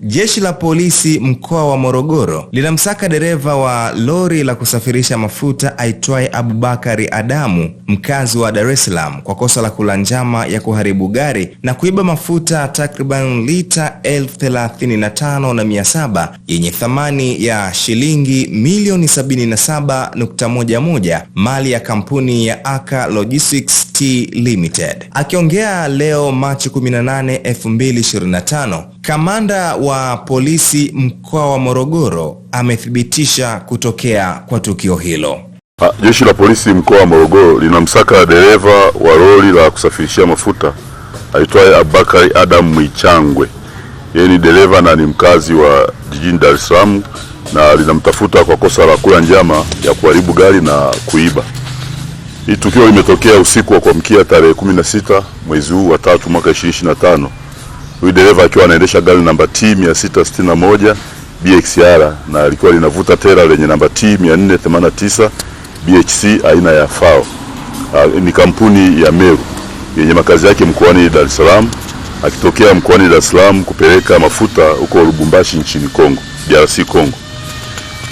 Jeshi la polisi mkoa wa Morogoro linamsaka dereva wa lori la kusafirisha mafuta aitwaye Abubakari Adamu, mkazi wa Dar es Salaam, kwa kosa la kula njama ya kuharibu gari na kuiba mafuta takriban lita elfu thelathini na tano na mia saba yenye thamani ya shilingi milioni 77.11 mali ya kampuni ya Aka Logistics East Limited. Akiongea leo Machi 18, 2025, kamanda wa polisi mkoa wa Morogoro amethibitisha kutokea kwa tukio hilo. Ah, jeshi la polisi mkoa wa Morogoro linamsaka dereva wa lori la kusafirishia mafuta aitwaye Abubakari Adam Mwichangwe. Yeye ni dereva na ni mkazi wa jijini Dar es Salaam na linamtafuta kwa kosa la kula njama ya kuharibu gari na kuiba. Hii tukio limetokea usiku wa kuamkia tarehe 16 mwezi huu wa tatu mwaka 2025. Huyu dereva akiwa anaendesha gari namba T 661 BXR na alikuwa linavuta tera lenye namba T 489 BHC aina ya FAO. Ah, ni kampuni ya Meru yenye makazi yake mkoani Dar es Salaam akitokea mkoani Dar es Salaam kupeleka mafuta huko Lubumbashi nchini Kongo, DRC Kongo.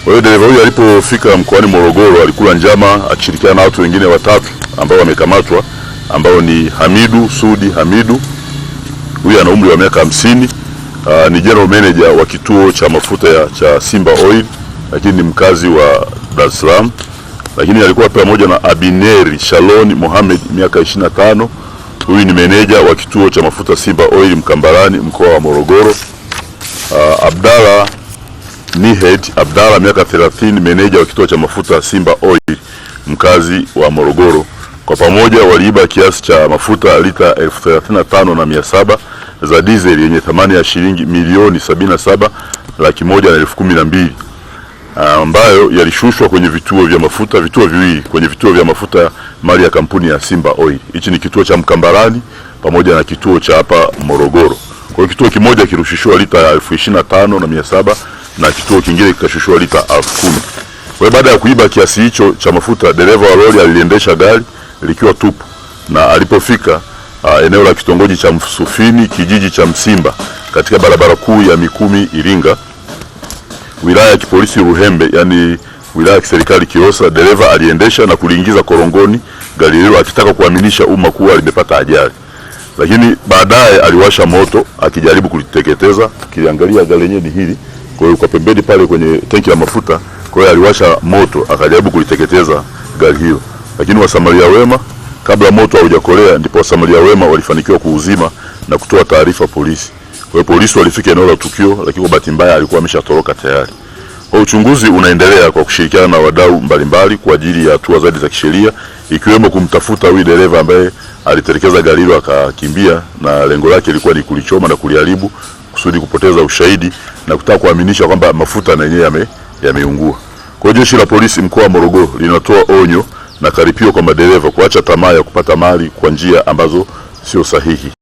Kwa hiyo dereva huyu alipofika mkoani Morogoro alikula njama akishirikiana na watu wengine watatu ambao wamekamatwa ambao ni Hamidu Sudi Hamidu, huyu ana umri wa miaka hamsini. Ah, ni general manager wa kituo cha mafuta ya, cha Simba Oil lakini ni mkazi wa Dar es Salaam, lakini alikuwa pamoja na Abineri Shaloni Mohamed miaka 25. Huyu ni meneja wa kituo cha mafuta Simba Oil Mkambarani, mkoa wa Morogoro. Aa, ah, Abdalla Nihed Abdalla miaka 30, meneja wa kituo cha mafuta Simba Oil mkazi wa Morogoro, kwa pamoja waliiba kiasi cha mafuta lita 35,700 za diesel yenye thamani ya shilingi milioni 77 laki moja na elfu kumi na mbili ambayo yalishushwa kwenye vituo vya mafuta vituo viwili kwenye vituo vya mafuta mali ya kampuni ya Simba Oil. Hichi ni kituo cha Mkambarani pamoja na kituo cha hapa Morogoro. Kwa hiyo kituo kimoja kirushishiwa lita elfu ishirini na tano na mia saba na kituo kingine kikashushwa lita elfu kumi. Kwa hiyo baada ya kuiba kiasi hicho cha mafuta, dereva wa lori aliendesha gari likiwa tupu na alipofika uh, eneo la kitongoji cha Msufini kijiji cha Msimba katika barabara kuu ya Mikumi Iringa, wilaya ya kipolisi Ruhembe, yani wilaya ya kiserikali Kiosa, dereva aliendesha na kuliingiza korongoni gari hilo akitaka kuaminisha umma kuwa limepata ajali, lakini baadaye aliwasha moto akijaribu kuliteketeza. Kiliangalia gari lenyewe ni hili kwa hiyo kwa pembeni pale kwenye tenki la mafuta, kwa hiyo aliwasha moto akajaribu kuliteketeza gari hilo, lakini wasamaria wema, kabla moto haujakolea, ndipo wasamaria wema walifanikiwa kuuzima na kutoa taarifa polisi. Kwa hiyo polisi walifika eneo la tukio, lakini kwa bahati mbaya alikuwa ameshatoroka tayari. Kwa uchunguzi unaendelea kwa kushirikiana na wadau mbalimbali kwa ajili ya hatua zaidi za kisheria ikiwemo kumtafuta huyu dereva ambaye alitelekeza gari hilo akakimbia, na lengo lake lilikuwa ni kulichoma na kuliharibu kusudi kupoteza ushahidi na kutaka kuaminisha kwamba mafuta na yenyewe yameungua. Kwa hiyo jeshi la polisi mkoa wa Morogoro linatoa onyo na karipio kwa madereva kuacha tamaa ya kupata mali kwa njia ambazo sio sahihi.